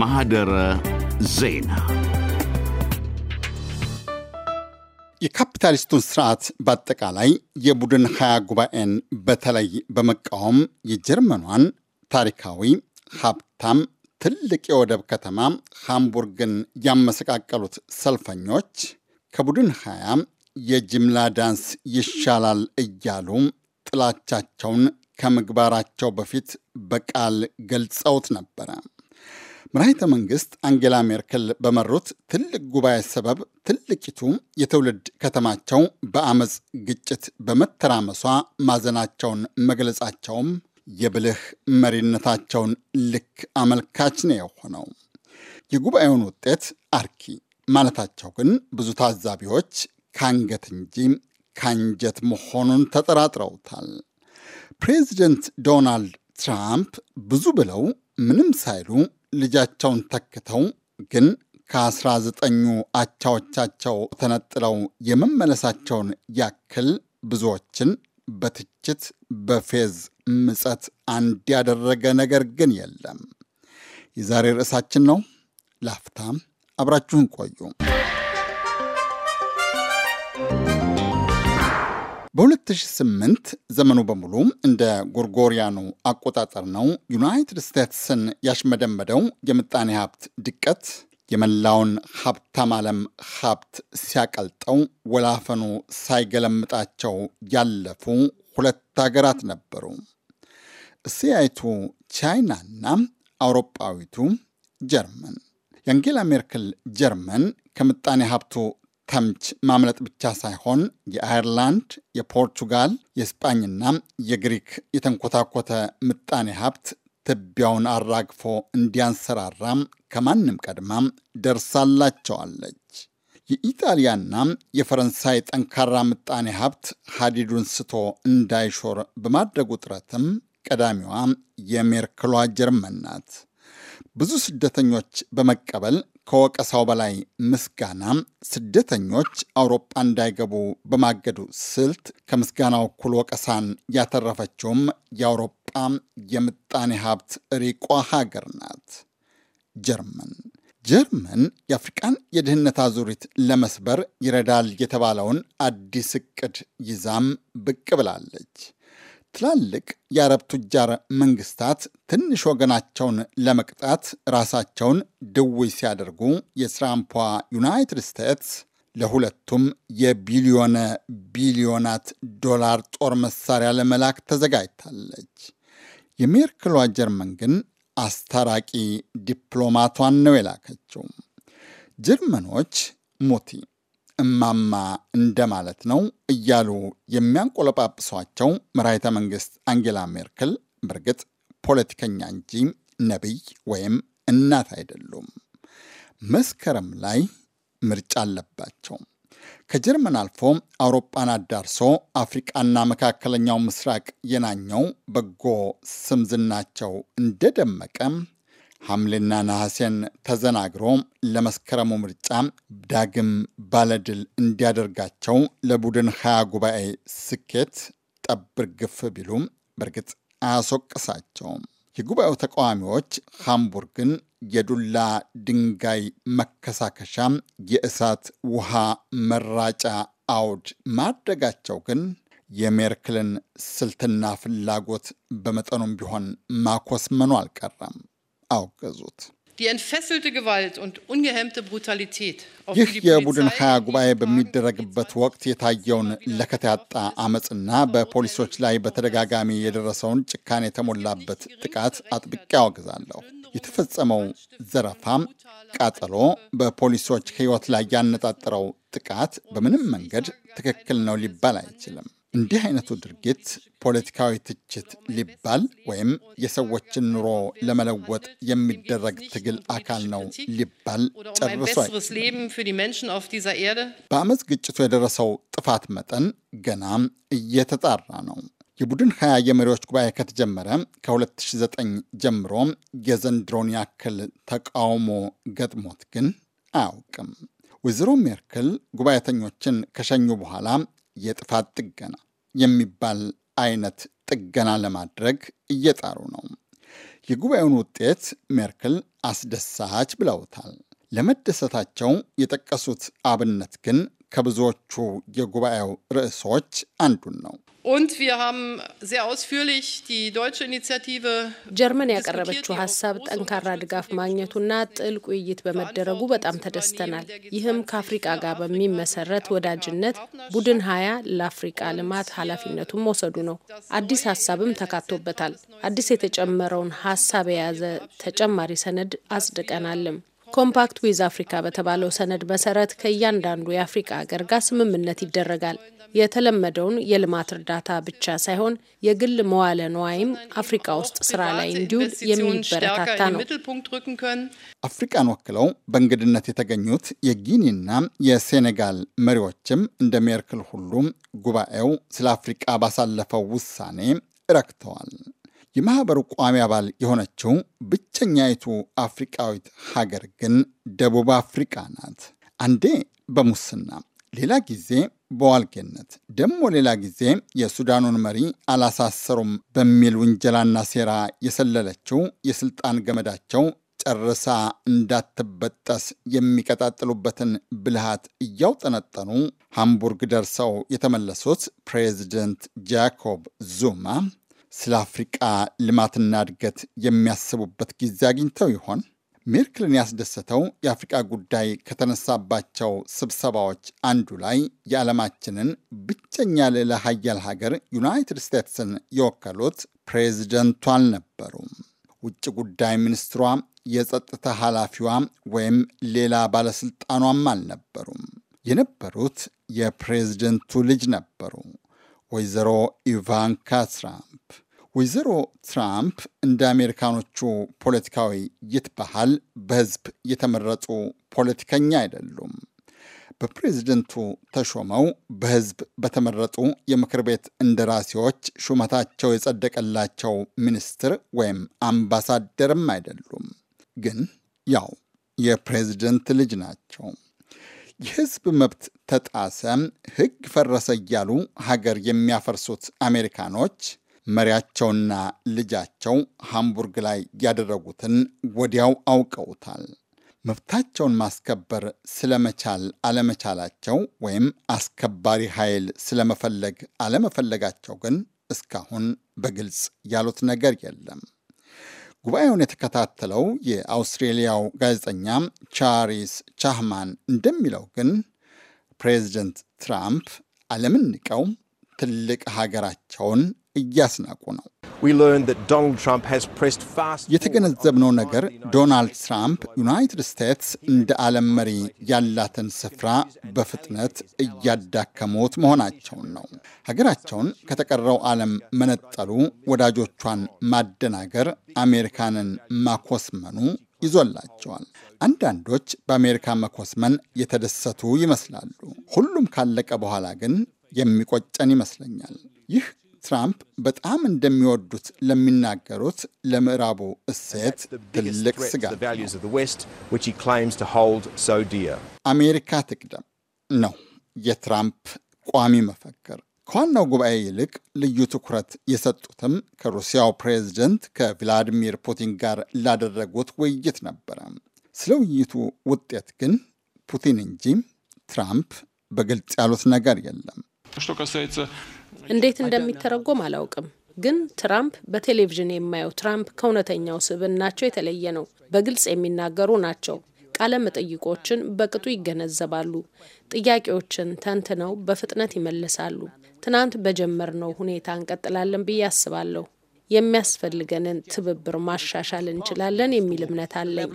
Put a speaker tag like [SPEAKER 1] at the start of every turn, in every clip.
[SPEAKER 1] ማህደረ ዜና የካፒታሊስቱን ስርዓት በአጠቃላይ የቡድን ሀያ ጉባኤን በተለይ በመቃወም የጀርመኗን ታሪካዊ ሀብታም ትልቅ የወደብ ከተማ ሃምቡርግን ያመሰቃቀሉት ሰልፈኞች ከቡድን ሀያ የጅምላ ዳንስ ይሻላል እያሉ ጥላቻቸውን ከምግባራቸው በፊት በቃል ገልጸውት ነበረ። መራሒተ መንግስት አንጌላ ሜርክል በመሩት ትልቅ ጉባኤ ሰበብ ትልቂቱ የትውልድ ከተማቸው በአመፅ ግጭት በመተራመሷ ማዘናቸውን መግለጻቸውም የብልህ መሪነታቸውን ልክ አመልካች ነው የሆነው። የጉባኤውን ውጤት አርኪ ማለታቸው ግን ብዙ ታዛቢዎች ከአንገት እንጂ ከአንጀት መሆኑን ተጠራጥረውታል። ፕሬዚደንት ዶናልድ ትራምፕ ብዙ ብለው ምንም ሳይሉ ልጃቸውን ተክተው ግን ከአስራ ዘጠኙ አቻዎቻቸው ተነጥለው የመመለሳቸውን ያክል ብዙዎችን በትችት በፌዝ ምጸት አንድ ያደረገ ነገር ግን የለም። የዛሬ ርዕሳችን ነው። ላፍታም አብራችሁን ቆዩ። በ2008 ዘመኑ በሙሉ እንደ ጎርጎሪያኑ አቆጣጠር ነው። ዩናይትድ ስቴትስን ያሽመደመደው የምጣኔ ሀብት ድቀት የመላውን ሀብታም ዓለም ሀብት ሲያቀልጠው ወላፈኑ ሳይገለምጣቸው ያለፉ ሁለት ሀገራት ነበሩ። እስያይቱ ቻይናና አውሮጳዊቱ ጀርመን። የአንጌላ ሜርክል ጀርመን ከምጣኔ ሀብቱ ከምች ማምለጥ ብቻ ሳይሆን የአይርላንድ፣ የፖርቹጋል፣ የስጳኝና የግሪክ የተንኮታኮተ ምጣኔ ሀብት ትቢያውን አራግፎ እንዲያንሰራራም ከማንም ቀድማ ደርሳላቸዋለች። የኢጣሊያና የፈረንሳይ ጠንካራ ምጣኔ ሀብት ሀዲዱን ስቶ እንዳይሾር በማድረጉ ጥረትም ቀዳሚዋ የሜርክሏ ጀርመን ናት። ብዙ ስደተኞች በመቀበል ከወቀሳው በላይ ምስጋና ስደተኞች አውሮፓ እንዳይገቡ በማገዱ ስልት ከምስጋናው እኩል ወቀሳን ያተረፈችውም የአውሮፓ የምጣኔ ሀብት ሪቋ ሀገር ናት ጀርመን። ጀርመን የአፍሪቃን የድህነት አዙሪት ለመስበር ይረዳል የተባለውን አዲስ እቅድ ይዛም ብቅ ብላለች። ትላልቅ የአረብ ቱጃር መንግስታት ትንሽ ወገናቸውን ለመቅጣት ራሳቸውን ድውይ ሲያደርጉ የትራምፖ ዩናይትድ ስቴትስ ለሁለቱም የቢሊዮነ ቢሊዮናት ዶላር ጦር መሳሪያ ለመላክ ተዘጋጅታለች። የሜርክሏ ጀርመን ግን አስታራቂ ዲፕሎማቷን ነው የላከችው። ጀርመኖች ሙቲ እማማ እንደማለት ነው እያሉ የሚያንቆለጳጵሷቸው መራሒተ መንግስት አንጌላ ሜርክል በእርግጥ ፖለቲከኛ እንጂ ነቢይ ወይም እናት አይደሉም። መስከረም ላይ ምርጫ አለባቸው። ከጀርመን አልፎ አውሮፓን አዳርሶ አፍሪቃና መካከለኛው ምስራቅ የናኘው በጎ ስምዝናቸው እንደደመቀም እንደደመቀ ሐምሌና ነሐሴን ተዘናግሮ ለመስከረሙ ምርጫ ዳግም ባለድል እንዲያደርጋቸው ለቡድን ሀያ ጉባኤ ስኬት ጠብር ግፍ ቢሉም በእርግጥ አያስወቅሳቸውም። የጉባኤው ተቃዋሚዎች ሃምቡርግን የዱላ ድንጋይ መከሳከሻ፣ የእሳት ውሃ መራጫ አውድ ማድረጋቸው ግን የሜርክልን ስልትና ፍላጎት በመጠኑም ቢሆን ማኮስመኑ አልቀረም። Brutalität. ይህ የቡድን ሀያ ጉባኤ በሚደረግበት ወቅት የታየውን ለከት ያጣ አመፅና በፖሊሶች ላይ በተደጋጋሚ የደረሰውን ጭካኔ የተሞላበት ጥቃት አጥብቄ ያወግዛለሁ። የተፈጸመው ዘረፋም፣ ቃጠሎ፣ በፖሊሶች ሕይወት ላይ ያነጣጠረው ጥቃት በምንም መንገድ ትክክል ነው ሊባል አይችልም። እንዲህ አይነቱ ድርጊት ፖለቲካዊ ትችት ሊባል ወይም የሰዎችን ኑሮ ለመለወጥ የሚደረግ ትግል አካል ነው ሊባል ጨርሷል። በአመፅ ግጭቱ የደረሰው ጥፋት መጠን ገና እየተጣራ ነው። የቡድን ሀያ የመሪዎች ጉባኤ ከተጀመረ ከ2009 ጀምሮ የዘንድሮን ያክል ተቃውሞ ገጥሞት ግን አያውቅም። ወይዘሮ ሜርክል ጉባኤተኞችን ከሸኙ በኋላ የጥፋት ጥገና የሚባል አይነት ጥገና ለማድረግ እየጣሩ ነው። የጉባኤውን ውጤት ሜርክል አስደሳች ብለውታል። ለመደሰታቸው የጠቀሱት አብነት ግን ከብዙዎቹ የጉባኤው ርዕሶች አንዱን ነው። ጀርመን ያቀረበችው ሀሳብ
[SPEAKER 2] ጠንካራ ድጋፍ ማግኘቱና ጥልቅ ውይይት በመደረጉ በጣም ተደስተናል። ይህም ከአፍሪቃ ጋር በሚመሰረት ወዳጅነት ቡድን ሀያ ለአፍሪቃ ልማት ኃላፊነቱን መውሰዱ ነው። አዲስ ሀሳብም ተካቶበታል። አዲስ የተጨመረውን ሀሳብ የያዘ ተጨማሪ ሰነድ አጽድቀናልም። ኮምፓክት ዊዝ አፍሪካ በተባለው ሰነድ መሰረት ከእያንዳንዱ የአፍሪካ ሀገር ጋር ስምምነት ይደረጋል። የተለመደውን የልማት እርዳታ ብቻ ሳይሆን የግል መዋለ ንዋይም አፍሪካ ውስጥ ስራ ላይ እንዲውል የሚበረታታ ነው።
[SPEAKER 1] አፍሪቃን ወክለው በእንግድነት የተገኙት የጊኒና የሴኔጋል መሪዎችም እንደ ሜርክል ሁሉም ጉባኤው ስለ አፍሪቃ ባሳለፈው ውሳኔ ረክተዋል። የማህበሩ ቋሚ አባል የሆነችው ብቸኛይቱ አፍሪቃዊት ሀገር ግን ደቡብ አፍሪቃ ናት። አንዴ በሙስና ሌላ ጊዜ በዋልጌነት ደግሞ ሌላ ጊዜ የሱዳኑን መሪ አላሳሰሩም በሚል ውንጀላና ሴራ የሰለለችው የስልጣን ገመዳቸው ጨርሳ እንዳትበጠስ የሚቀጣጥሉበትን ብልሃት እያውጠነጠኑ ሃምቡርግ ደርሰው የተመለሱት ፕሬዚደንት ጃኮብ ዙማ ስለ አፍሪቃ ልማትና እድገት የሚያስቡበት ጊዜ አግኝተው ይሆን? ሜርክልን ያስደሰተው የአፍሪቃ ጉዳይ ከተነሳባቸው ስብሰባዎች አንዱ ላይ የዓለማችንን ብቸኛ ልዕለ ሀያል ሀገር ዩናይትድ ስቴትስን የወከሉት ፕሬዚደንቱ አልነበሩም። ውጭ ጉዳይ ሚኒስትሯ፣ የጸጥታ ኃላፊዋ ወይም ሌላ ባለሥልጣኗም አልነበሩም። የነበሩት የፕሬዚደንቱ ልጅ ነበሩ፣ ወይዘሮ ኢቫንካ ትራምፕ። ወይዘሮ ትራምፕ እንደ አሜሪካኖቹ ፖለቲካዊ ይትባሃል በህዝብ የተመረጡ ፖለቲከኛ አይደሉም። በፕሬዝደንቱ ተሾመው በህዝብ በተመረጡ የምክር ቤት እንደራሴዎች ሹመታቸው የጸደቀላቸው ሚኒስትር ወይም አምባሳደርም አይደሉም። ግን ያው የፕሬዝደንት ልጅ ናቸው። የህዝብ መብት ተጣሰ፣ ህግ ፈረሰ እያሉ ሀገር የሚያፈርሱት አሜሪካኖች መሪያቸውና ልጃቸው ሃምቡርግ ላይ ያደረጉትን ወዲያው አውቀውታል። መብታቸውን ማስከበር ስለመቻል አለመቻላቸው ወይም አስከባሪ ኃይል ስለመፈለግ አለመፈለጋቸው ግን እስካሁን በግልጽ ያሉት ነገር የለም። ጉባኤውን የተከታተለው የአውስትሬሊያው ጋዜጠኛ ቻሪስ ቻህማን እንደሚለው ግን ፕሬዚደንት ትራምፕ ዓለምን ንቀው ትልቅ ሀገራቸውን እያስናቁ ነው። የተገነዘብነው ነገር ዶናልድ ትራምፕ ዩናይትድ ስቴትስ እንደ ዓለም መሪ ያላትን ስፍራ በፍጥነት እያዳከሙት መሆናቸውን ነው። ሀገራቸውን ከተቀረው ዓለም መነጠሉ፣ ወዳጆቿን ማደናገር፣ አሜሪካንን ማኮስመኑ ይዞላቸዋል። አንዳንዶች በአሜሪካ መኮስመን የተደሰቱ ይመስላሉ። ሁሉም ካለቀ በኋላ ግን የሚቆጨን ይመስለኛል። ይህ ትራምፕ በጣም እንደሚወዱት ለሚናገሩት ለምዕራቡ እሴት ትልቅ ስጋት አሜሪካ ትቅደም ነው የትራምፕ ቋሚ መፈክር። ከዋናው ጉባኤ ይልቅ ልዩ ትኩረት የሰጡትም ከሩሲያው ፕሬዝደንት ከቭላዲሚር ፑቲን ጋር ላደረጉት ውይይት ነበረ። ስለ ውይይቱ ውጤት ግን ፑቲን እንጂ ትራምፕ በግልጽ ያሉት ነገር የለም።
[SPEAKER 2] እንዴት እንደሚተረጎም አላውቅም። ግን ትራምፕ በቴሌቪዥን የማየው ትራምፕ ከእውነተኛው ስብዕናቸው የተለየ ነው። በግልጽ የሚናገሩ ናቸው። ቃለ መጠይቆችን በቅጡ ይገነዘባሉ። ጥያቄዎችን ተንትነው በፍጥነት ይመልሳሉ። ትናንት በጀመርነው ሁኔታ እንቀጥላለን ብዬ አስባለሁ። የሚያስፈልገንን ትብብር ማሻሻል እንችላለን የሚል እምነት አለኝ።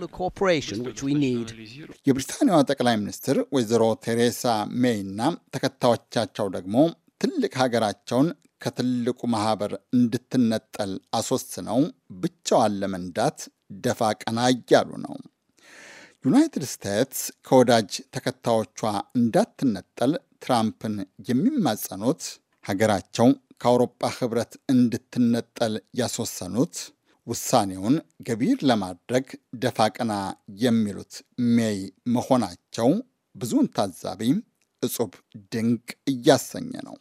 [SPEAKER 1] የብሪታንያዋ ጠቅላይ ሚኒስትር ወይዘሮ ቴሬሳ ሜይ እና ተከታዮቻቸው ደግሞ ትልቅ ሀገራቸውን ከትልቁ ማህበር እንድትነጠል አስወስነው ብቻዋን ለመንዳት ደፋ ቀና እያሉ ነው። ዩናይትድ ስቴትስ ከወዳጅ ተከታዮቿ እንዳትነጠል ትራምፕን የሚማጸኑት ሀገራቸው ከአውሮፓ ህብረት እንድትነጠል ያስወሰኑት ውሳኔውን ገቢር ለማድረግ ደፋ ቀና የሚሉት ሜይ መሆናቸው ብዙውን ታዛቢ እጹብ ድንቅ እያሰኘ ነው።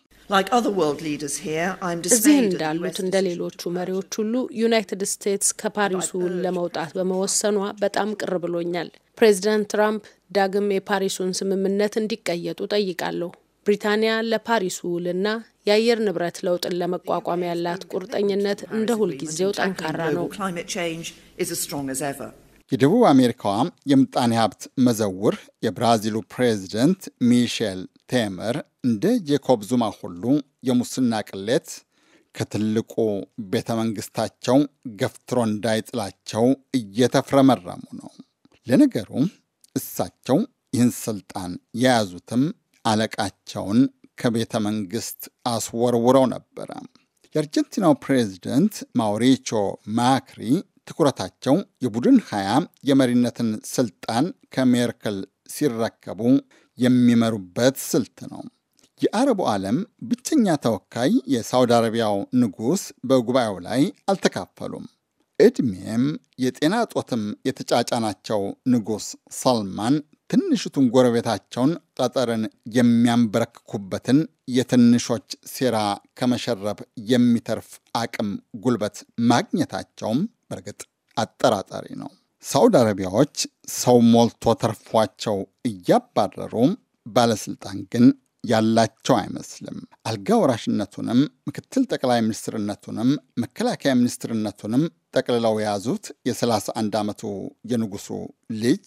[SPEAKER 2] እዚህ እንዳሉት እንደ ሌሎቹ መሪዎች ሁሉ ዩናይትድ ስቴትስ ከፓሪሱ ውል ለመውጣት በመወሰኗ በጣም ቅር ብሎኛል። ፕሬዚዳንት ትራምፕ ዳግም የፓሪሱን ስምምነት እንዲቀየጡ ጠይቃለሁ። ብሪታንያ ለፓሪሱ ውልና የአየር ንብረት ለውጥን ለመቋቋም ያላት ቁርጠኝነት እንደ ሁልጊዜው ጠንካራ ነው።
[SPEAKER 1] የደቡብ አሜሪካዋ የምጣኔ ሀብት መዘውር የብራዚሉ ፕሬዚደንት ሚሼል ቴምር እንደ ጄኮብ ዙማ ሁሉ የሙስና ቅሌት ከትልቁ ቤተ መንግስታቸው ገፍትሮ እንዳይጥላቸው እየተፍረመረሙ ነው። ለነገሩ እሳቸው ይህን ስልጣን የያዙትም አለቃቸውን ከቤተ መንግስት አስወርውረው ነበረ። የአርጀንቲናው ፕሬዚደንት ማውሪቾ ማክሪ ትኩረታቸው የቡድን ሀያ የመሪነትን ስልጣን ከሜርክል ሲረከቡ የሚመሩበት ስልት ነው። የአረቡ ዓለም ብቸኛ ተወካይ የሳውዲ አረቢያው ንጉሥ በጉባኤው ላይ አልተካፈሉም። ዕድሜም የጤና ጦትም የተጫጫናቸው ንጉሥ ሰልማን ትንሽቱን ጎረቤታቸውን ቀጠርን የሚያንበረክኩበትን የትንሾች ሴራ ከመሸረብ የሚተርፍ አቅም ጉልበት ማግኘታቸውም በእርግጥ አጠራጣሪ ነው። ሳውዲ አረቢያዎች ሰው ሞልቶ ተርፏቸው እያባረሩ፣ ባለስልጣን ግን ያላቸው አይመስልም። አልጋ ወራሽነቱንም ምክትል ጠቅላይ ሚኒስትርነቱንም መከላከያ ሚኒስትርነቱንም ጠቅልለው የያዙት የ31 ዓመቱ የንጉሱ ልጅ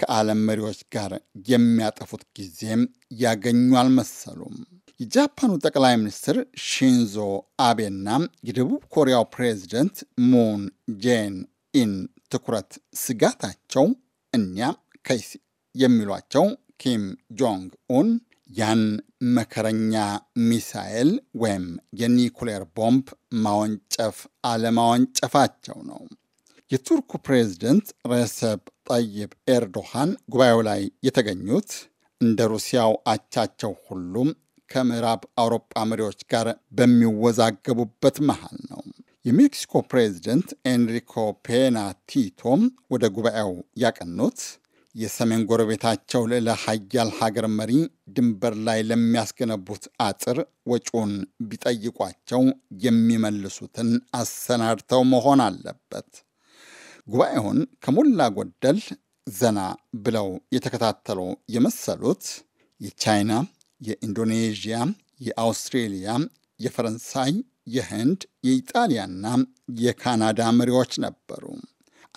[SPEAKER 1] ከዓለም መሪዎች ጋር የሚያጠፉት ጊዜም ያገኙ አልመሰሉም። የጃፓኑ ጠቅላይ ሚኒስትር ሺንዞ አቤና የደቡብ ኮሪያው ፕሬዚደንት ሙን ጄን ኢን ትኩረት ስጋታቸው እኒያ ከይስ የሚሏቸው ኪም ጆንግ ኡን ያን መከረኛ ሚሳኤል ወይም የኒኩሌር ቦምብ ማወንጨፍ አለማወንጨፋቸው ነው። የቱርኩ ፕሬዝደንት ረሰብ ጠይብ ኤርዶሃን ጉባኤው ላይ የተገኙት እንደ ሩሲያው አቻቸው ሁሉም ከምዕራብ አውሮጳ መሪዎች ጋር በሚወዛገቡበት መሃል ነው። የሜክሲኮ ፕሬዚደንት ኤንሪኮ ፔና ቲቶም ወደ ጉባኤው ያቀኑት የሰሜን ጎረቤታቸው ልዕለ ሀያል ሀገር መሪ ድንበር ላይ ለሚያስገነቡት አጥር ወጪውን ቢጠይቋቸው የሚመልሱትን አሰናድተው መሆን አለበት። ጉባኤውን ከሞላ ጎደል ዘና ብለው የተከታተሉ የመሰሉት የቻይና፣ የኢንዶኔዥያ፣ የአውስትሬሊያ፣ የፈረንሳይ የህንድ የኢጣሊያና የካናዳ መሪዎች ነበሩ።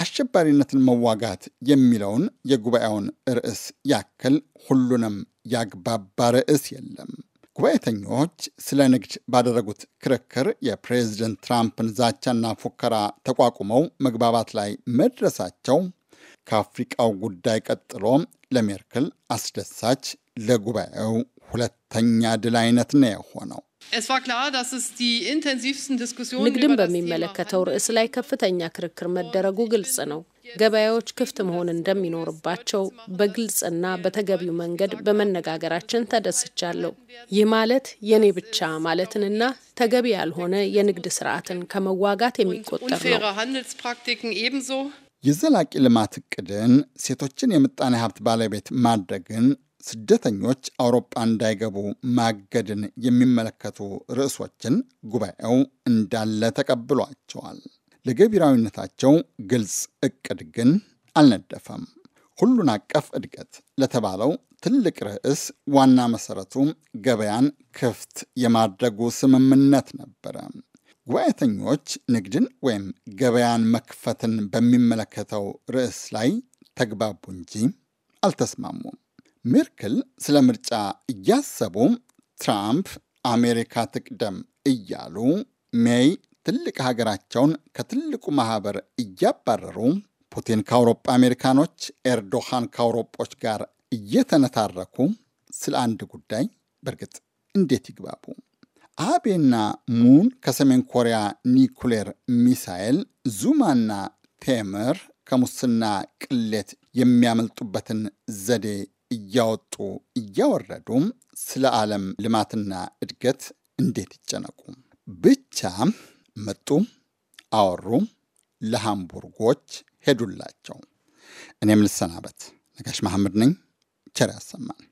[SPEAKER 1] አሸባሪነትን መዋጋት የሚለውን የጉባኤውን ርዕስ ያክል ሁሉንም ያግባባ ርዕስ የለም። ጉባኤተኞች ስለ ንግድ ባደረጉት ክርክር የፕሬዝደንት ትራምፕን ዛቻና ፉከራ ተቋቁመው መግባባት ላይ መድረሳቸው ከአፍሪቃው ጉዳይ ቀጥሎ ለሜርክል አስደሳች፣ ለጉባኤው ሁለተኛ ድል አይነት ነው የሆነው።
[SPEAKER 3] ንግድን በሚመለከተው
[SPEAKER 2] ርዕስ ላይ ከፍተኛ ክርክር መደረጉ ግልጽ ነው። ገበያዎች ክፍት መሆን እንደሚኖርባቸው በግልጽና በተገቢው መንገድ በመነጋገራችን ተደስቻለሁ። ይህ ማለት የኔ ብቻ ማለትንና ተገቢ ያልሆነ የንግድ ስርዓትን ከመዋጋት የሚቆጠር
[SPEAKER 3] ነው።
[SPEAKER 1] የዘላቂ ልማት እቅድን ሴቶችን የምጣኔ ሀብት ባለቤት ማድረግን ስደተኞች አውሮፓ እንዳይገቡ ማገድን የሚመለከቱ ርዕሶችን ጉባኤው እንዳለ ተቀብሏቸዋል። ለገቢራዊነታቸው ግልጽ እቅድ ግን አልነደፈም። ሁሉን አቀፍ እድገት ለተባለው ትልቅ ርዕስ ዋና መሰረቱ ገበያን ክፍት የማድረጉ ስምምነት ነበረ። ጉባኤተኞች ንግድን ወይም ገበያን መክፈትን በሚመለከተው ርዕስ ላይ ተግባቡ እንጂ አልተስማሙም። ሜርክል ስለ ምርጫ እያሰቡ ትራምፕ አሜሪካ ትቅደም እያሉ ሜይ ትልቅ ሀገራቸውን ከትልቁ ማህበር እያባረሩ ፑቲን ከአውሮጳ አሜሪካኖች፣ ኤርዶሃን ከአውሮጶች ጋር እየተነታረኩ ስለ አንድ ጉዳይ በእርግጥ እንዴት ይግባቡ? አቤና ሙን ከሰሜን ኮሪያ ኒኩሌር ሚሳኤል፣ ዙማና ቴምር ከሙስና ቅሌት የሚያመልጡበትን ዘዴ እያወጡ እያወረዱ ስለ ዓለም ልማትና እድገት እንዴት ይጨነቁ? ብቻ መጡ፣ አወሩ፣ ለሃምቡርጎች ሄዱላቸው። እኔም ልሰናበት። ነጋሽ መሐመድ ነኝ። ቸር ያሰማን።